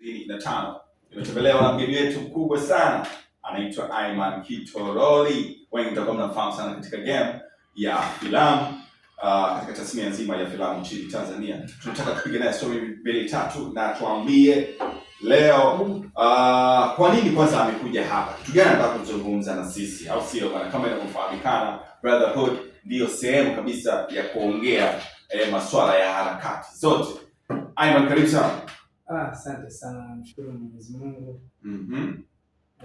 mbili na tano. Imetembelewa na mgeni wetu mkubwa sana anaitwa Aiman Kitoroli, wengi mtakuwa mnafahamu sana katika game ya filamu uh, katika tasnia nzima ya filamu nchini Tanzania. Tunataka tupige naye story mbili tatu na tuambie leo uh, kwa nini kwanza amekuja hapa, kitu gani anataka kuzungumza na sisi, au sio bwana? Kama inavyofahamikana Brotherhood ndiyo sehemu kabisa ya kuongea eh, masuala ya harakati zote. Aiman, karibu sana. Ah, asante ah, sana namshukuru Mwenyezi Mungu. Mhm.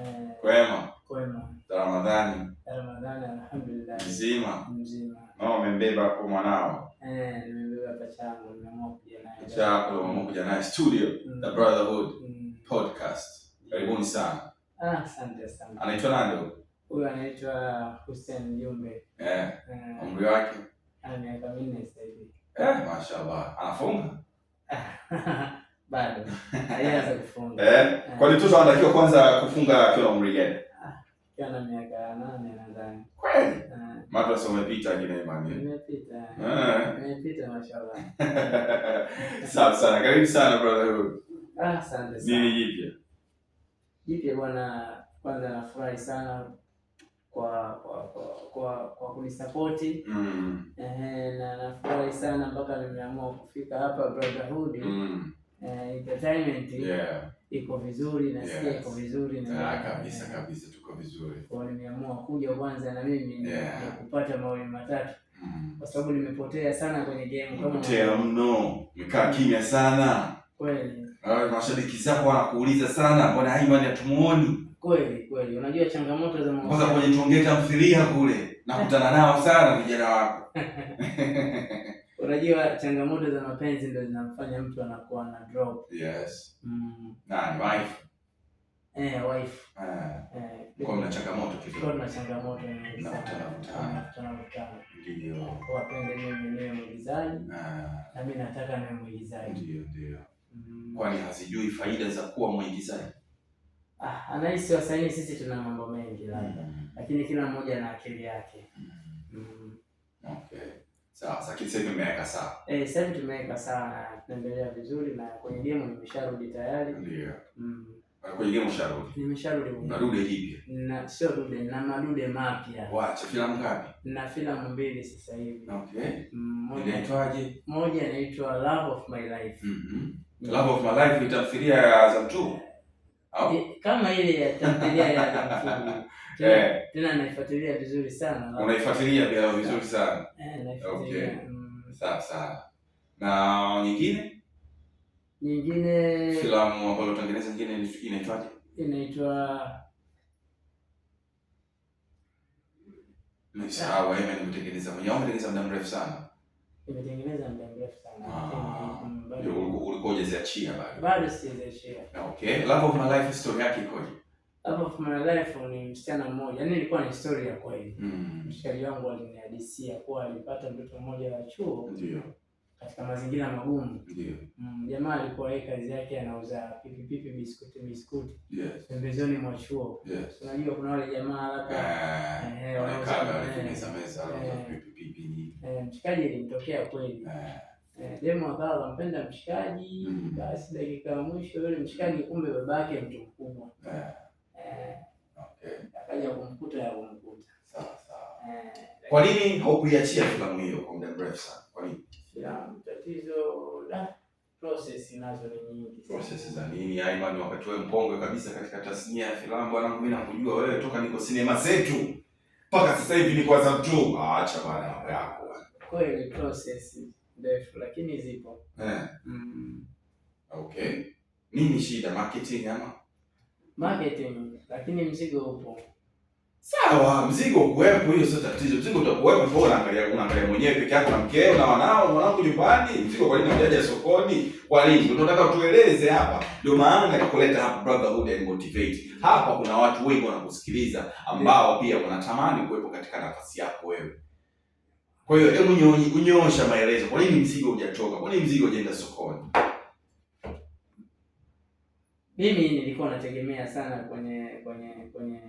Eh, kwema. Kwema. Ramadhani. Ramadhani alhamdulillah. Mzima. Mzima. Mama umembeba hapo mwanao? Eh, nimembeba pachangu, nimeamua kuja naye. Pachangu, nimeamua kuja naye studio mm. The Brotherhood mm. Podcast. Karibuni sana. Ah, asante sana. Anaitwa nani? Huyu anaitwa Hussein Jumbe. Eh, eh. Umri wake? Ana miaka 4 sasa hivi. Eh, mashaallah. Anafunga? Ah. bado haianza kufunga eh. Kwa nini mtoto anatakiwa kwanza kufunga akiwa na umri gani? Ah, akiwa na miaka 8 nadhani. Kweli? Ah. Madrasa umepita jina imani. Nimepita. Eh. Nimepita mashallah. Safi sana. Karibu sana brother. Ah, asante sana. Nini jipya? Jipya bwana, kwanza nafurahi sana kwa kwa kwa kwa kunisapoti mm. Eh, na nafurahi sana mpaka nimeamua kufika hapa brotherhood mm entertainment eh, eh? yeah. iko vizuri nasikia yes. iko vizuri na yeah, kabisa kabisa, tuko vizuri kwa nimeamua kuja kwanza na mimi yeah. kupata mawili matatu mm. kwa sababu nimepotea sana kwenye game, kama nimepotea mno, nimekaa mm. kimya sana kweli. Ah, mashabiki zako wanakuuliza sana, mbona Aiman hatumuoni? Kweli kweli, unajua changamoto za mwanzo kwanza kwenye tuongea tamthilia kule nakutana nao sana vijana wako Unajua changamoto za mapenzi ndio zinamfanya mtu anakuwa na drop. Yes. Mm. Na wife. Eh, wife. Eh. Eh, kwa mna changamoto kidogo. Kwa mna changamoto nyingi sana. Tunakutana kutana. Ndio. Kwa pende mimi ni mwigizaji. Ah. Na mimi nataka na mwigizaji. Ndio, ndio. Mm. Kwani hazijui faida za kuwa mwigizaji? Ah, anahisi wasanii sisi tuna mambo mengi labda. Mm. Lakini kila mmoja ana akili yake. Mm. Mm. Okay. Sawa, sasa kile tumeweka sawa. Eh, sasa hivi tumeweka sawa na tunaendelea vizuri na kwenye game nimesharudi tayari. Ndio. Mm. Kwenye game usharudi. Nimesharudi. Unarude lipi? Na sio rude, na madude mapya. Wacha filamu ngapi? Na filamu mbili sasa hivi. Okay. Mmoja mm, inaitwaje? Moja inaitwa Love of My Life. Mhm. Mm Love of My Life itamthilia ya Azam 2. Au? Eh, kama ile ya tamthilia ya Azam 2. Eh. tena, naifuatilia vizuri sana. Unaifuatilia pia eh, vizuri sana eh? Okay, mm. sawa sawa. Na nyingine nyingine filamu ambayo unatengeneza nyingine inaitwaje? Inaitwa Msahau wewe, nimetengeneza mwenyewe, nimetengeneza muda mrefu sana. Nimetengeneza muda mrefu sana. Ah. Mm, mm, ulikuwa hujaziachia bado? Bado sijaziachia. Okay, Love of my life story yake ikoje? Hapo for my life ni msichana mmoja, yaani ilikuwa ni story ya kweli. Mm. Mshikaji wangu alinihadisia kuwa alipata mtoto mmoja wa chuo ndio katika mazingira magumu. Ndio. Mm, jamaa alikuwa yeye kazi yake anauza pipi pipi biskuti biskuti. Yes. Pembezoni mwa chuo. Yes. Unajua kuna wale jamaa labda eh wanakala wanafanya meza wanauza eh, eh, pipi pipi Eh, mshikaji alimtokea kweli. Ah. Eh, eh demo akawa anampenda mshikaji, mm. basi dakika ya mwisho yule mshikaji kumbe babake mtu mkubwa. Ah akaja kumkuta ya kumkuta. Kwa nini haukuiachia filamu hiyo kwa muda mrefu sana? Kwa nini? Filamu tatizo la process nazo ni nyingi. Process za nini? Aiman, wakati wewe mpongwe kabisa katika tasnia ya filamu, bwana, mimi nakujua wewe toka niko sinema zetu mpaka sasa hivi niko Azam tu. Acha bwana mambo yako. Kweli process ndefu lakini zipo. Eh. Mm. Okay. Nini shida marketing ama? marketing, lakini mzigo upo. Sawa, mzigo ukuwepo, hiyo sio tatizo. Mzigo utakuwepo kwa unaangalia unaangalia mwenyewe peke yako na mkeo na wanao, wanao nyumbani. Mzigo kwa nini hujaja sokoni? Kwa nini? tunataka tueleze hapa. Ndio maana nakuleta hapa Brotherhood and Motivate. Hapa kuna watu wengi wanakusikiliza ambao pia wanatamani kuwepo katika nafasi yako wewe. Kwa hiyo hebu unyoosha maelezo. Kwa nini mzigo hujatoka? Kwa nini mzigo hujaenda sokoni? mimi nilikuwa nategemea sana kwenye kwenye kwenye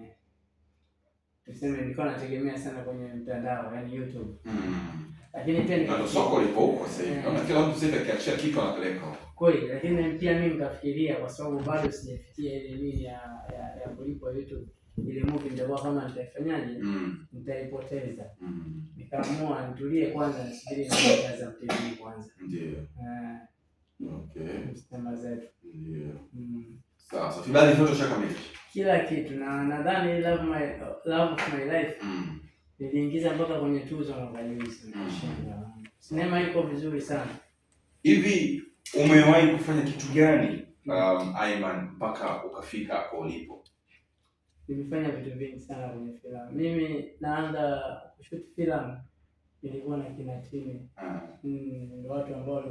tuseme, nilikuwa nategemea sana kwenye mtandao, yani YouTube mm. Lakini pia ndio soko lipo huko sasa hivi, eh. kama kila mtu sasa akiachia kitu anapeleka kweli, lakini pia mimi nikafikiria, kwa sababu bado sijafikia ile nini ya ya, ya kulipwa YouTube ile movie ndio kama nitaifanyaje, mm. nitaipoteza mm. Nikaamua nitulie kwanza, nisubiri na kaza TV kwanza, ndio uh, Okay. zetu. Sasa vibali vyote Kila kitu na nadhani love my love of my life. Mm. Niliingiza mpaka kwenye tuzo na vajuzi. Sinema iko vizuri sana. Hivi umewahi kufanya kitu gani um, Aiman mpaka ukafika hapo ulipo? Nimefanya vitu vingi sana kwenye filamu. Mimi naanza kushoot filamu nilikuwa na kina timu. Ah. Mm, watu ambao